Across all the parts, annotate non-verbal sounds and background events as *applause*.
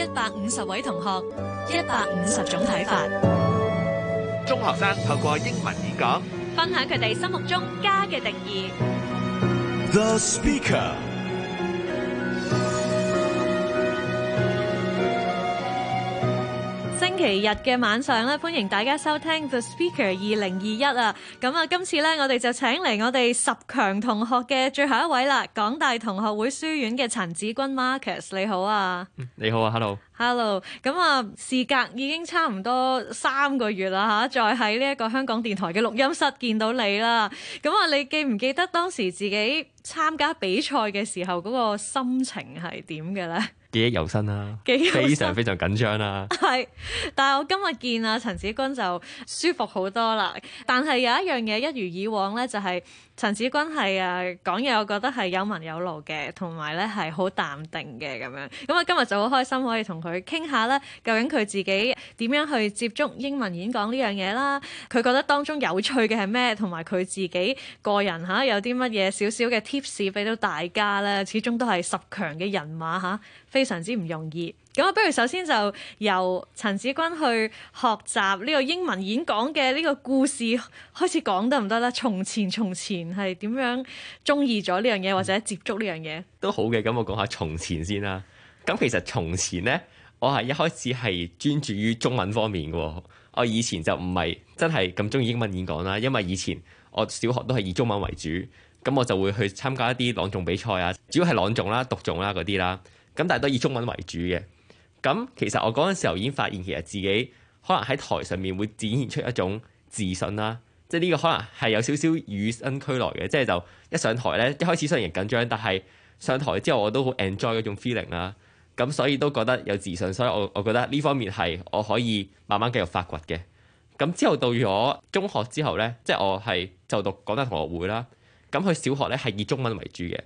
一百五十位同學，一百五十種睇法。中學生透過英文演講，分享佢哋心目中家嘅定義。The Speaker。星期日嘅晚上咧，歡迎大家收聽 The Speaker 二零二一啊！咁啊，今次咧，我哋就請嚟我哋十強同學嘅最後一位啦，港大同學會書院嘅陳梓均 Marcus，你好啊！你好啊，Hello，Hello！咁啊，事隔、嗯、已經差唔多三個月啦吓，再喺呢一個香港電台嘅錄音室見到你啦。咁、嗯、啊，你記唔記得當時自己參加比賽嘅時候嗰個心情係點嘅咧？記憶猶新啊，記憶猶新，非常非常緊張啊。係。但係我今日見啊，陳梓均就舒服好多啦。但係有一樣嘢一如以往咧，就係、是、陳梓均係誒、啊、講嘢，我覺得係有文有路嘅，同埋咧係好淡定嘅咁樣。咁我今日就好開心可以同佢傾下咧，究竟佢自己點樣去接觸英文演講呢樣嘢啦？佢覺得當中有趣嘅係咩？同埋佢自己個人嚇有啲乜嘢少少嘅 tips 俾到大家咧？始終都係十強嘅人馬嚇，非常之唔容易。咁啊，不如首先就由陳梓均去學習呢個英文演講嘅呢個故事開始講得唔得啦？從前，從前係點樣中意咗呢樣嘢或者接觸呢樣嘢都好嘅。咁我講下從前先啦。咁其實從前呢，我係一開始係專注於中文方面嘅。我以前就唔係真係咁中意英文演講啦，因為以前我小學都係以中文為主，咁我就會去參加一啲朗誦比賽啊，主要係朗誦啦、讀誦啦嗰啲啦。咁但係都以中文為主嘅。咁其實我嗰陣時候已經發現，其實自己可能喺台上面會展現出一種自信啦，即係呢個可能係有少少與生俱來嘅，即係就一上台咧，一開始雖然緊張，但係上台之後我都好 enjoy 嗰種 feeling 啦。咁所以都覺得有自信，所以我我覺得呢方面係我可以慢慢繼續發掘嘅。咁之後到咗中學之後咧，即係我係就讀港大同學會啦。咁佢小學咧係以中文為主嘅，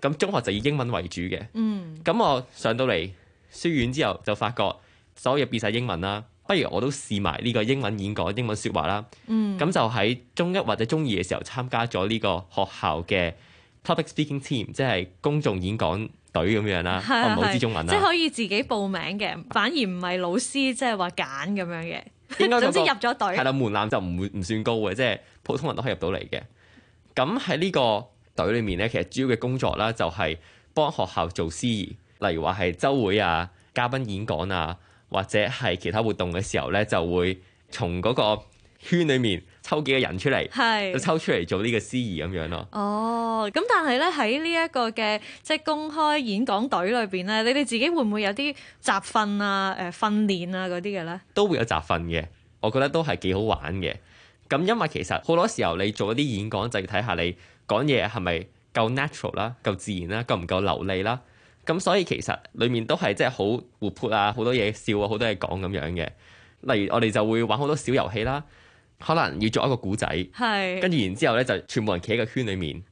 咁中學就以英文為主嘅。嗯，咁我上到嚟書院之後就發覺所有嘢變晒英文啦，不如我都試埋呢個英文演講、英文說話啦。嗯，咁就喺中一或者中二嘅時候參加咗呢個學校嘅 public speaking team，即係公眾演講隊咁樣是、啊、我唔知中文啦。係係係，即係可以自己報名嘅，反而唔係老師即係話揀咁樣嘅。應該 *laughs* 總之入咗隊係啦，門檻就唔唔算高嘅，即係普通人都可以入到嚟嘅。咁喺呢個隊裏面咧，其實主要嘅工作啦就係幫學校做司儀。例如話係周會啊、嘉賓演講啊，或者係其他活動嘅時候咧，就會從嗰個圈裏面抽幾個人出嚟，是抽出嚟做呢個司儀咁樣咯。哦，咁但係咧喺呢一個嘅即係公開演講隊裏邊咧，你哋自己會唔會有啲集訓啊、誒、呃、訓練啊嗰啲嘅咧？呢都會有集訓嘅，我覺得都係幾好玩嘅。咁因為其實好多時候你做一啲演講就要睇下你講嘢係咪夠 natural 啦、夠自然啦、啊、夠唔夠流利啦、啊。咁所以其實裡面都係即係好活潑啊，好多嘢笑啊，好多嘢講咁樣嘅。例如我哋就會玩好多小遊戲啦，可能要做一個古仔，跟住然之後咧就全部人企喺個圈裡面，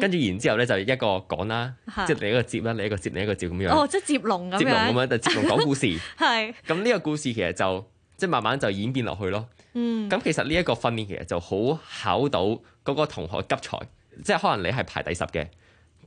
跟住然之後咧就一個講啦，即係你一個接啦，你一個接你一個接咁樣。哦，即接龍咁。接龍咁樣，就接龍講故事。係。咁呢個故事其實就即係慢慢就演變落去咯。嗯。咁其實呢一個訓練其實就好考到嗰個同學嘅急才，即係可能你係排第十嘅，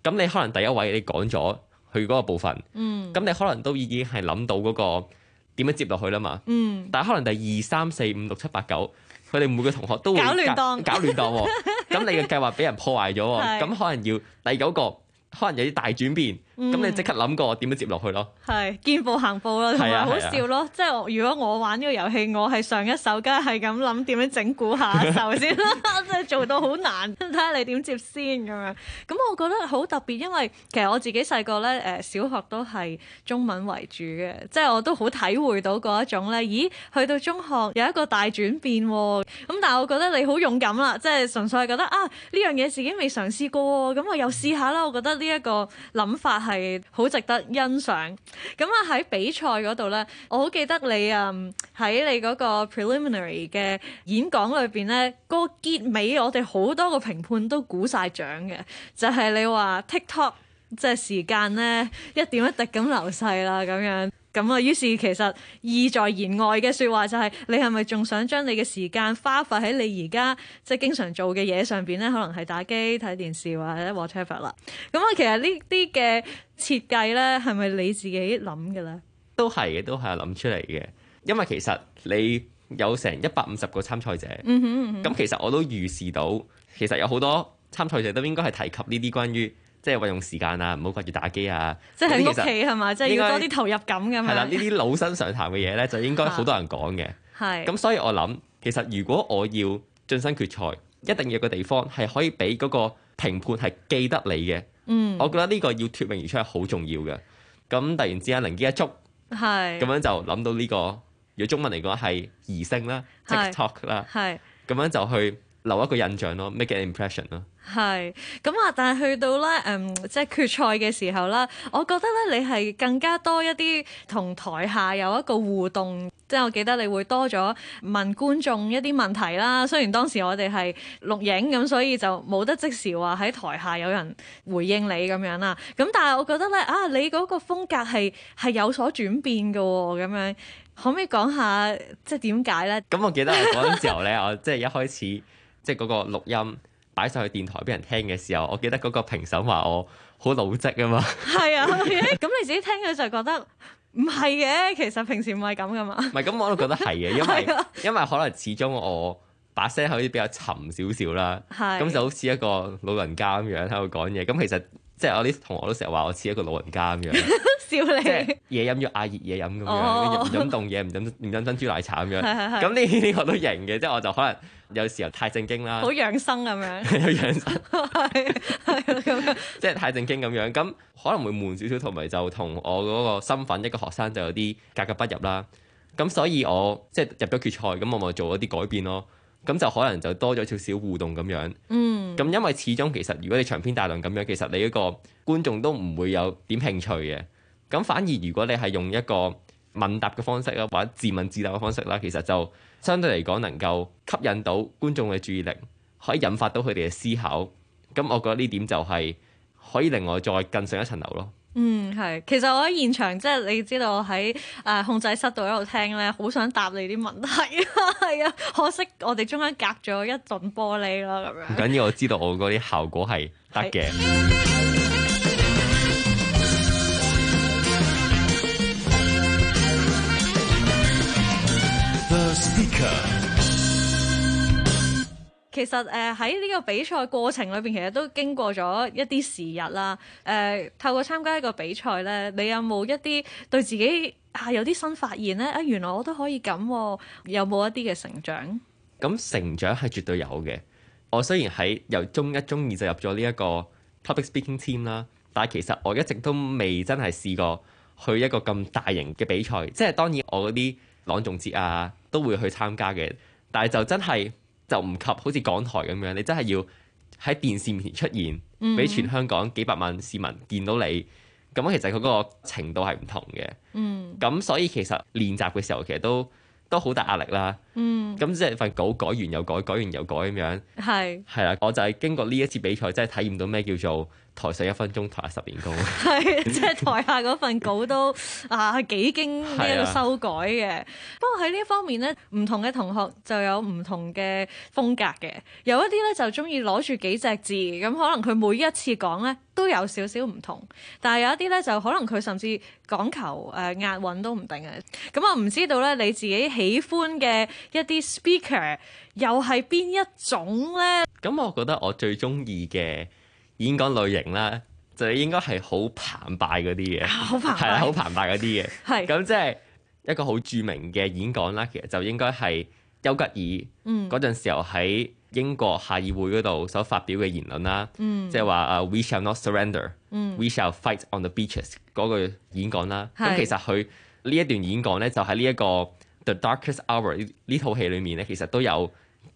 咁你可能第一位你講咗，去嗰個部分，咁、嗯、你可能都已經係諗到嗰個點樣接落去啦嘛，嗯、但係可能第二三四五六七八九，佢哋每個同學都會搞亂檔，搞亂檔，咁、 *laughs* 哦、你嘅計劃俾人破壞咗，咁是可能要第九個。可能有啲大轉變，咁你即刻諗過點樣接落去咯？係、嗯、見步行步咯，同埋、啊、好笑咯。即係、啊、如果我玩呢個遊戲，我係上一首梗係咁諗點樣整蠱下首先，即係 *laughs* 做到好難。睇下你點接先咁樣。咁我覺得好特別，因為其實我自己細個咧誒，小學都係中文為主嘅，即係我都好體會到嗰一種咧。咦，去到中學有一個大轉變喎。咁但係我覺得你好勇敢啦，即係純粹係覺得啊，呢樣嘢自己未嘗試過，咁我又試下啦。我覺得。呢一個諗法係好值得欣賞。咁啊喺比賽嗰度呢，我好記得你嗯喺你嗰個 preliminary 嘅演講裏邊呢，嗰、那個、結尾我哋好多個評判都鼓晒掌嘅，就係、是、你話 TikTok 即係時間呢一點一滴咁流逝啦咁樣。咁啊，於是其實意在言外嘅説話就係，你係咪仲想將你嘅時間花費喺你而家即係經常做嘅嘢上邊咧？可能係打機、睇電視或者 whatever 啦。咁啊，其實呢啲嘅設計咧，係咪你自己諗嘅咧？都係嘅，都係諗出嚟嘅。因為其實你有成一百五十個參賽者，咁、嗯嗯、其實我都預示到，其實有好多參賽者都應該係提及呢啲關於。即係運用時間啊，唔好掛住打機啊！即係喺屋企係嘛，即係要多啲投入感㗎嘛。係啦，呢啲老生常談嘅嘢咧，就應該好多人講嘅。係、啊。咁所以我諗，其實如果我要進身決賽，一定要個地方係可以俾嗰個評判係記得你嘅。嗯。我覺得呢個要脱穎而出係好重要嘅。咁突然之間靈機一觸，係是。咁樣就諗到呢、這個，如果中文嚟講係異性」啦，即是 talk 啦，係。咁樣就去留一個印象咯，make an impression 咯。係咁啊！但係去到咧，嗯，即係決賽嘅時候啦，我覺得咧，你係更加多一啲同台下有一個互動。即係我記得你會多咗問觀眾一啲問題啦。雖然當時我哋係錄影，咁所以就冇得即時話喺台下有人回應你咁樣啦。咁但係我覺得咧，啊，你嗰個風格係係有所轉變㗎喎，咁樣可唔可以講下即係點解咧？咁我記得嗰陣時候咧， *laughs* 我即係一開始即係嗰個錄音。擺上去電台俾人聽嘅時候，我記得嗰個評審話我好老積啊嘛 *laughs* 。係啊，咁、嗯、你自己聽佢就覺得唔係嘅，其實平時唔係咁噶嘛。 *laughs* 唔係，咁我都覺得係嘅，因為因為可能始終我把聲可以比較沉少少啦。係、啊，咁就好似一個老人家咁樣喺度講嘢。咁其實即係我啲同學都成日話我似一個老人家咁樣，。 *laughs* 笑你，嘢飲咗，嗌熱嘢飲咁樣，唔飲凍嘢，唔飲唔飲珍珠奶茶咁樣。咁呢呢個都型嘅，即係我就可能。有時候太正經啦，好養生咁樣，有養生，係係咁樣，即係太正經咁樣，咁可能會悶少少，同埋就同我嗰個身份一個學生就有啲格格不入啦。咁所以我即係入咗決賽，咁我咪做咗啲改變咯。咁就可能就多咗少少互動咁樣。嗯，咁因為始終其實如果你長篇大論咁樣，其實你嗰個觀眾都唔會有點興趣嘅。咁反而如果你係用一個。問答嘅方式啦，或者自問自答嘅方式啦，其實就相對嚟講能夠吸引到觀眾嘅注意力，可以引發到佢哋嘅思考。咁我覺得呢點就係可以另外再更上一層樓咯。嗯，係，其實我喺現場，即係你知道我喺誒控制室度喺度聽咧，好想答你啲問題啊，係 *laughs* 啊，可惜我哋中間隔咗一層玻璃啦，咁樣。唔緊要，我知道我嗰啲效果係得嘅。其實誒喺呢個比賽過程裏邊，其實都經過咗一啲時日啦。誒、呃，透過參加一個比賽咧，你有冇一啲對自己啊有啲新發現咧？啊，原來我都可以咁，啊，有冇一啲嘅成長？咁、嗯、成長係絕對有嘅。我雖然喺由中一、中二就入咗呢一個 public speaking team 啦，但係其實我一直都未真係試過去一個咁大型嘅比賽。即係當然我嗰啲朗誦節啊。都會去參加嘅，但係就真係就唔及好似港台咁樣，你真係要喺電視面前出現，俾全香港幾百萬市民見到你，咁、嗯、其實佢嗰個程度係唔同嘅。嗯，咁所以其實練習嘅時候其實都都好大壓力啦。嗯，咁即係份稿改完又改，改完又改咁樣。係係啦，我就係經過呢一次比賽，真係體驗到咩叫做台上一分鐘，台下十年功。係， *laughs* *laughs* 即係台下嗰份稿都 *laughs* 啊幾經一個修改嘅，啊。不過喺呢一方面咧，唔同嘅同學就有唔同嘅風格嘅。有一啲咧就中意攞住幾隻字，咁可能佢每一次講咧都有少少唔同。但係有一啲咧就可能佢甚至講求誒，呃、押韻都唔定嘅。咁我唔知道咧你自己喜歡嘅一啲 speaker 又係邊一種咧？咁 *laughs* 我覺得我最中意嘅。演講類型啦，就應該係好澎湃嗰啲嘅，係啊，好澎湃嗰啲嘅，係咁 *laughs* *laughs* 是即係一個好著名嘅演講啦。其實就應該係丘吉爾嗰陣、嗯、時候喺英國下議會嗰度所發表嘅言論啦，嗯、即係話啊，we shall not surrender，we、嗯、shall fight on the beaches 嗰句、那個、演講啦。咁是其實佢呢一段演講咧，就喺呢一個 the darkest hour 呢套戲裡面咧，其實都有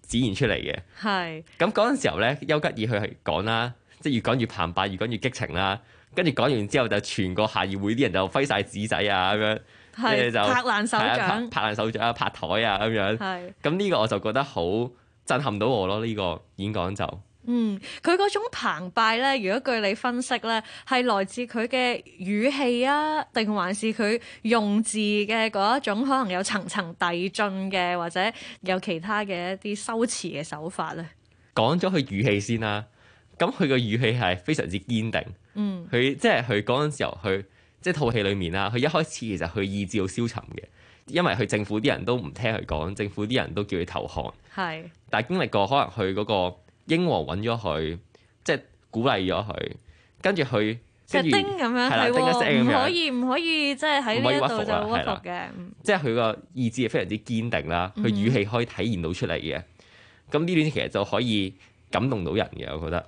展現出嚟嘅。係咁嗰陣時候咧，丘吉爾佢係講啦。即係越講越澎湃，越講越激情啦。跟住講完之後，就全個下議會啲人就揮晒紙仔啊，咁樣，係是就拍爛手掌、啊、拍爛手掌啊、拍台啊，咁樣。係是。咁呢個我就覺得好震撼到我咯，呢、這個演講就。嗯，佢嗰種澎湃咧，如果據你分析咧，係來自佢嘅語氣啊，定還是佢用字嘅嗰一種可能有層層遞進嘅，或者有其他嘅一啲修辭嘅手法咧。講咗佢語氣先啦。咁佢個語氣係非常之堅定，佢即係佢嗰陣時候，佢即係套戲裏面啦。佢一開始其實佢意志好消沉嘅，因為佢政府啲人都唔聽佢講，政府啲人都叫佢投降。係是，但係經歷過可能佢嗰個英皇揾咗佢，即係鼓勵咗佢，跟住佢石叮咁樣係、嗯、啦，唔可以唔可以即係喺呢一度就屈服嘅，即係佢個意志係非常之堅定啦。佢、嗯、語氣可以體現到出嚟嘅。咁呢段其實就可以感動到人嘅，我覺得。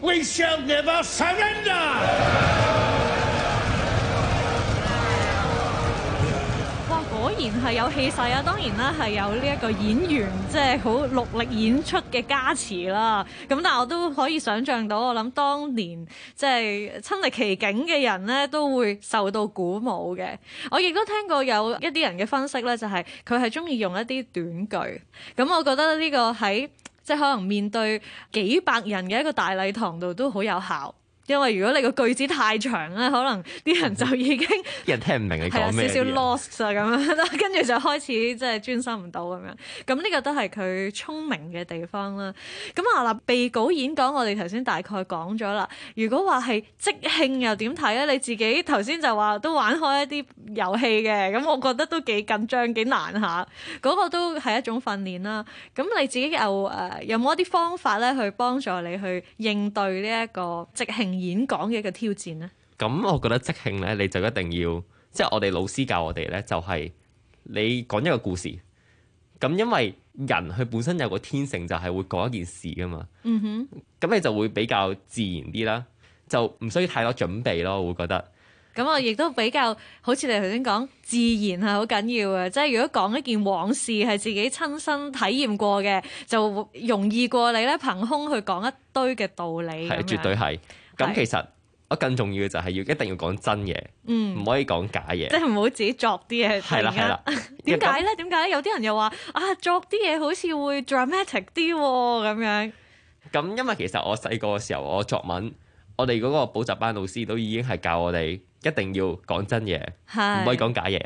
We shall never surrender。哇，果然係有氣勢啊！當然啦，係有呢一個演員即係好努力演出嘅加持啦。咁，但係我都可以想象到，我諗當年即係、就是、親歷其境嘅人咧，都會受到鼓舞嘅。我亦都聽過有一啲人嘅分析咧，就係佢係中意用一啲短句。咁，我覺得呢個喺即係可能面對幾百人嘅一個大禮堂度都好有效。因為如果你個句子太長咧，可能啲人就已經啲人 *music* 聽唔明你講咩嘢，係少少 lost 啊咁樣， *laughs* 跟住就開始即係專心唔到咁樣。咁呢個都係佢聰明嘅地方啦。咁啊嗱，備稿演講我哋頭先大概講咗啦。如果話係即興又點睇咧？你自己頭先就話都玩開一啲遊戲嘅，咁我覺得都幾緊張、幾難下。嗰、那個都係一種訓練啦。咁你自己又誒有冇一啲方法咧去幫助你去應對呢一個即興？演講嘅一個挑戰咧，咁我覺得即興咧，你就一定要，即係我哋老師教我哋咧，就係你講一個故事。咁因為人佢本身有個天性，就係會講一件事噶嘛。嗯哼，咁你就會比較自然啲啦，就唔需要太多準備咯。我會覺得，咁我亦都比較好似你頭先講，自然係好緊要嘅。即係如果講一件往事係自己親身體驗過嘅，就容易過你咧憑空去講一堆嘅道理。係，絕對係。咁其實我更重要嘅就係要一定要講真嘢，嗯，唔可以講假嘢。即係唔好自己作啲嘢嚟嘅。係啦係啦。點解咧？點解咧？有啲人又話啊，作啲嘢好似會 dramatic 啲咁樣。咁因為其實我細個嘅時候，我作文，我哋嗰個補習班老師都已經係教我哋一定要講真嘢，唔可以講假嘢。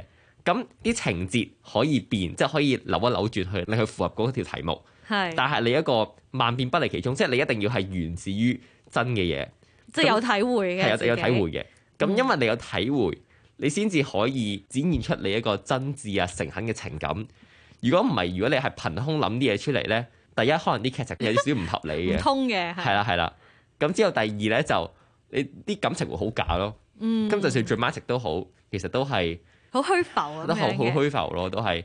咁啲情節可以變，即係可以扭一扭轉去你去符合嗰條題目。係，但係你一個萬變不離其宗，即係你一定要係源自於真嘅嘢。即係有體會嘅，係己有有體會嘅。咁因為你有體會，嗯、你先至可以展現出你一個真摯啊誠懇嘅情感。如果唔係，如果你係憑空諗啲嘢出嚟咧，第一可能啲劇情有少少唔合理嘅，唔 *laughs* 通嘅的，係啦係啦。咁之後第二咧就你啲感情會好假咯。嗯，咁就算 dramatic 都好，其實都係好虛浮，覺得好好虛浮咯，都係。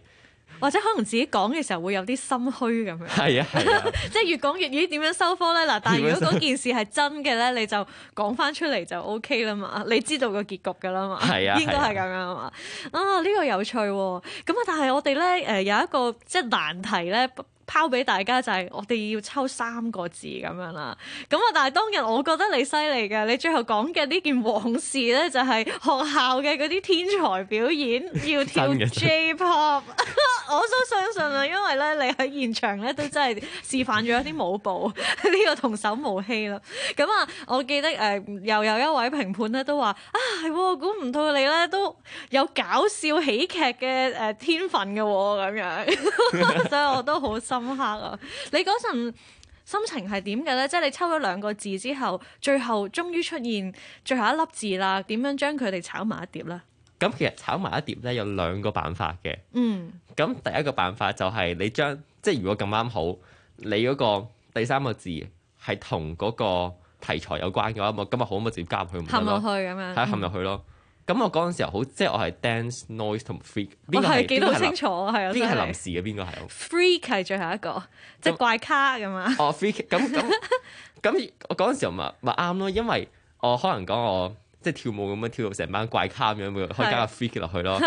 或者可能自己講嘅時候會有啲心虛咁樣，啊啊、 *laughs* 即係越講越點樣收科咧嗱。但係如果嗰件事係真嘅咧，你就講翻出嚟就 OK 啦嘛。你知道個結局㗎啦嘛，啊、 *laughs* 應該係咁樣啊嘛。啊呢、啊呢個有趣喎咁，哦、啊，但係我哋咧誒有一個即係難題咧。拋俾大家就係、是、我哋要抽三個字咁樣啦，咁啊但係當日我覺得你犀利嘅，你最後講嘅呢件往事咧就係、是、學校嘅啲天才表演要跳 J-pop， *laughs* 我都相信啊，因為咧你喺現場咧都真係示範咗一啲舞步，呢 *laughs* *laughs* 個童叟無欺啦。咁啊，我記得誒、呃、又有一位評判咧都話啊係，估唔到你咧都有搞笑喜劇嘅誒天分嘅喎咁樣， *laughs* 所以我都好 *laughs* 深刻啊！你嗰陣心情係點嘅咧？即係你抽咗兩個字之後，最後終於出現最後一粒字啦。點樣將佢哋炒埋一碟咧？咁其實炒埋一碟咧有兩個辦法嘅。嗯，咁，第一個辦法就係你將即係如果咁啱好你嗰個第三個字係同嗰個題材有關嘅話，我今日好唔好直接加入去陷入去唔得冚入去咁樣，係冚入去咯。嗯咁我嗰陣時候好，即係我係 dance、noise 同 freak，邊個係？邊個清楚啊？係啊，邊個係臨時嘅？邊個係？freak 係最後一個，即係怪咖咁啊！哦，freak 咁咁咁，我嗰陣時候咪咪啱咯，因為我可能講我即係跳舞咁樣跳到成班怪咖咁樣，咪可以加個 freak 落去咯。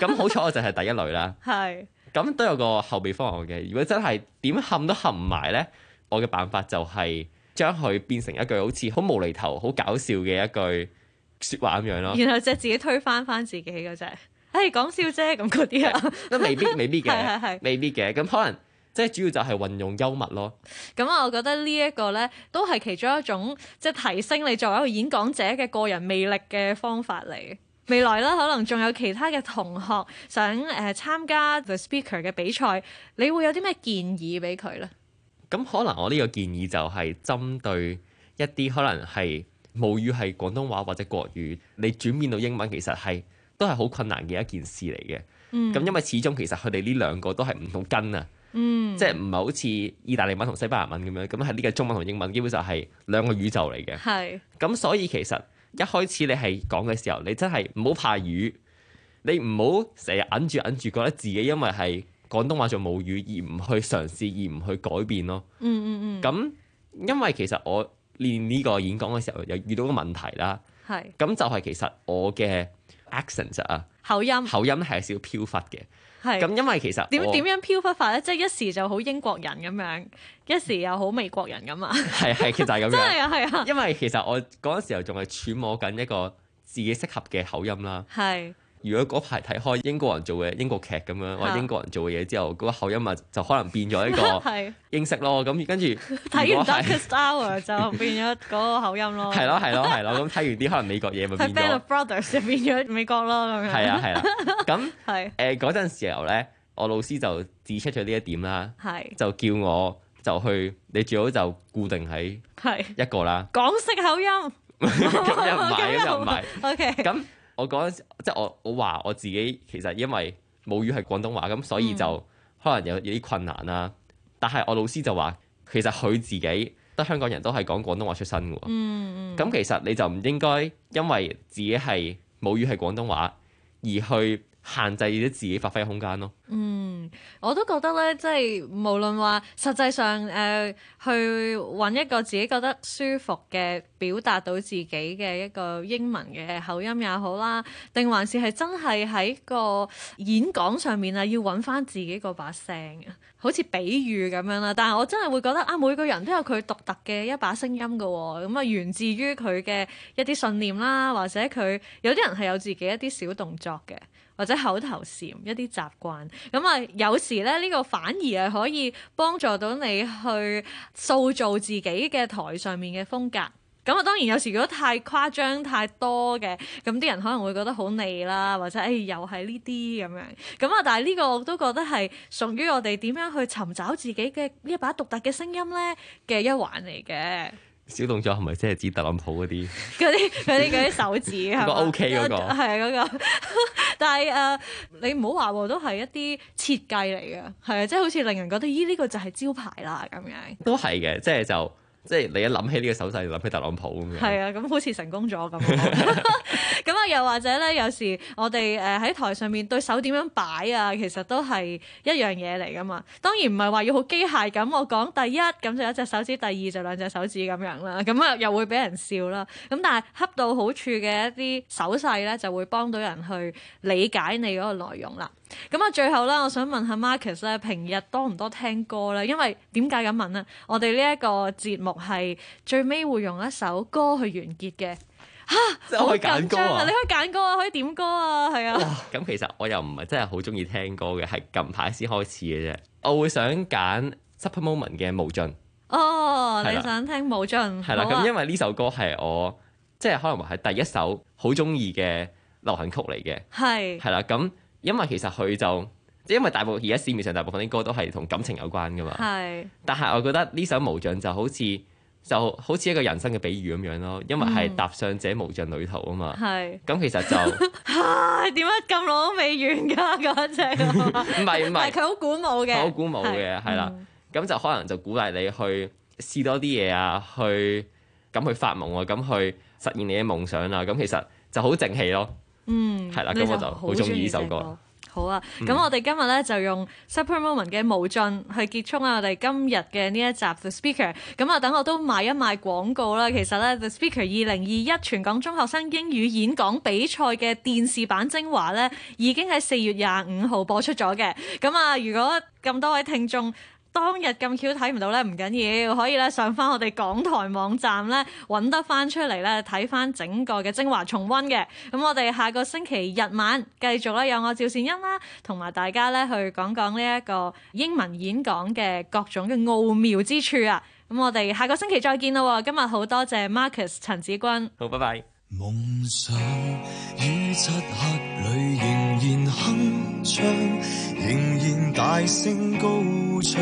咁好彩我就係第一類啦。係。咁都有個後備方案嘅。如果真係點冚都冚唔埋咧，我嘅辦法就係將佢變成一句好似好無厘頭、好搞笑嘅一句。說話咁樣咯，然後即係自己推翻翻自己嗰隻，誒講笑啫，咁嗰啲啊，都 *laughs* *laughs* *laughs* 未必未必嘅，未必嘅，咁可能即係主要就係運用幽默咯。咁啊、嗯，我覺得呢一個咧，都係其中一種即係提升你作為一個演講者嘅個人魅力嘅方法嚟嘅。未來啦，可能仲有其他嘅同學想誒參、呃、加 The Speaker 嘅比賽，你會有啲咩建議俾佢咧？咁、嗯、可能我呢個建議就係針對一啲可能係。母語係廣東話或者國語，你轉變到英文其實係都係好困難嘅一件事嚟嘅。咁、嗯、因為始終其實佢哋呢兩個都係唔同根啊，嗯、即係唔係好似意大利文同西班牙文咁樣，咁係呢個中文同英文基本上係兩個宇宙嚟嘅。係咁、嗯，所以其實一開始你係講嘅時候，你真係唔好怕語，你唔好成日揞住揞住，覺得自己因為係廣東話做母語而唔去嘗試，而唔去改變咯、嗯。嗯咁、嗯、因為其實我練呢個演講嘅時候，又遇到個問題啦。係是，咁就係其實我嘅 accent 啊，口音、口音係有少少飄忽嘅。係是，咁因為其實點點樣飄忽法咧？即係一時就好英國人咁樣，一時又好美國人咁啊。係係， *laughs* 其實就係咁樣。真係啊，係啊。因為其實我嗰陣時候仲係揣摩緊一個自己適合嘅口音啦。係。如果嗰排睇開英國人做嘅英國劇咁樣，是啊、或者英國人做嘅嘢之後，嗰、嗰個口音咪就可能變咗一個英式咯。咁跟住睇完《The Star》就變咗嗰個口音咯。係咯係咯係咯，咁睇完啲可能美國嘢咪變咗。係《The Brothers》就變咗美國咯。係啊係啊，咁誒嗰陣時候咧，我老師就指出咗呢一點啦。係 *laughs* 是就叫我就去，你最好就固定喺一個啦。港式口音咁 *laughs* *laughs* 又唔係，咁 *laughs* 又唔係買。O K. 咁。我嗰陣時，即係我我話我自己其實因為母語係廣東話，咁所以就可能有有啲困難啦。但係我老師就話，其實佢自己得香港人都係講廣東話出身嘅喎。咁、嗯嗯、其實你就唔應該因為自己係母語係廣東話，而去限制咗自己發揮空間咯。嗯，我都覺得咧，即係無論話實際上誒、呃，去揾一個自己覺得舒服嘅表達到自己嘅一個英文嘅口音也好啦，定還是係真係喺個演講上面啊，要揾翻自己個把聲，好似比喻咁樣啦。但係我真係會覺得啊，每個人都有佢獨特嘅一把聲音㗎、喎，咁啊源自於佢嘅一啲信念啦，或者佢有啲人係有自己一啲小動作嘅，或者口頭禪一啲習慣。咁啊，有時咧呢、呢個反而係可以幫助到你去塑造自己嘅台上面嘅風格。咁啊，當然有時如果太誇張太多嘅，咁啲人可能會覺得好膩啦，或者誒、哎、又係呢啲咁樣。咁啊，但係呢個我都覺得係屬於我哋點樣去尋找自己嘅呢一把獨特嘅聲音咧嘅一環嚟嘅。小動作係咪即係指特朗普嗰啲？嗰啲嗰啲嗰啲手指係 *laughs* 個 OK 嗰個係啊嗰個， *laughs* 但係誒、uh, 你唔好話都係一啲設計嚟嘅，係啊，即係好似令人覺得咦呢個就係招牌啦咁樣，都係嘅，即係就即、是、係、就是、你一諗起呢個手勢就諗起特朗普咁樣，係啊， *laughs* 咁好似成功咗咁，咁啊。 *laughs* *laughs* 又或者咧，有時我哋誒喺台上面對手點樣擺啊，其實都係一樣嘢嚟噶嘛。當然唔係話要好機械咁，我講第一咁就有一隻手指，第二就兩隻手指咁樣啦。咁啊，又會俾人笑啦。咁但係恰到好處嘅一啲手勢咧，就會幫到人去理解你嗰個內容啦。咁啊，最後啦，我想問下 Marcus 咧，平日多唔多聽歌咧？因為點解咁問咧？我哋呢一個節目係最尾會用一首歌去完結嘅。吓，蛤就可以揀歌啊！你可以揀歌啊，可以點歌啊，係啊。咁、哦、其實我又唔係真係好中意聽歌嘅，係近排先開始嘅啫。我會想揀 Super Moment 嘅無盡。哦，啦你想聽無盡？係啦，咁、啊、因為呢首歌係我即係可能話係第一首好中意嘅流行曲嚟嘅。係是。係啦，咁因為其實佢就即係因為大部分而家市面上大部分啲歌都係同感情有關㗎嘛。係是。但係我覺得呢首無盡就好似。就好似一個人生嘅比喻咁樣咯，因為係踏上者無盡旅途啊嘛。係、嗯，咁其實就唉，點解咁耐都未完㗎嗰隻？唔係唔係，佢好鼓舞嘅，好鼓舞嘅係啦。咁、嗯嗯、就可能就鼓勵你去試多啲嘢啊，去咁去發夢啊，咁去實現你嘅夢想啊。咁其實就好正氣咯。嗯，係啦， *laughs* 咁我就好中意呢首歌。好啊，咁、嗯、我哋今日咧就用 Supermoment 嘅無盡去結束啊！我哋今日嘅呢一集 The Speaker，咁啊等我都賣一賣廣告啦。其實咧 The Speaker 二零二一全港中學生英語演講比賽嘅電視版精華咧，已經喺四月廿五號播出咗嘅。咁啊，如果咁多位聽眾。當日咁巧睇唔到呢，唔緊要，可以咧上翻我哋港台網站呢，揾得翻出嚟呢，睇翻整個嘅精華重温嘅。咁我哋下個星期日晚繼續咧，有我趙善欣啦，同埋大家呢去講講呢一個英文演講嘅各種嘅奧妙之處啊。咁我哋下個星期再見啦。今日好多謝 Marcus 陳梓均，好拜拜。Bye bye 夢想與漆黑裏仍然鏗鏘仍然大聲高唱，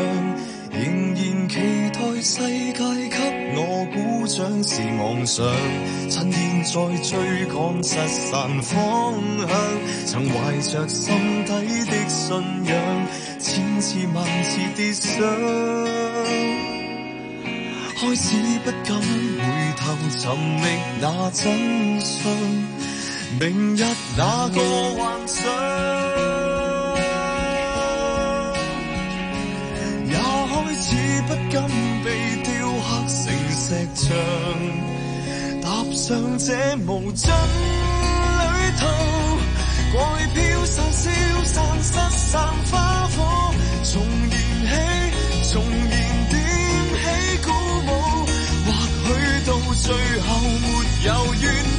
仍然期待世界給我鼓掌是妄想。趁現在追趕失散方向，曾懷着心底的信仰，千次萬次跌傷，開始不敢回頭尋覓那真相。明日那個幻想。已不敢被雕刻成石像，踏上這無盡旅途，過去飄散、消散、失散花火，重燃起，重燃點起鼓舞，或許到最後沒有完。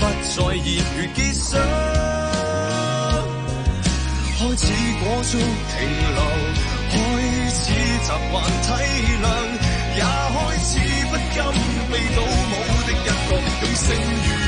不再熱血結霜，開始裹足停留，開始習慣體諒，也開始不甘被倒模的一個用聲。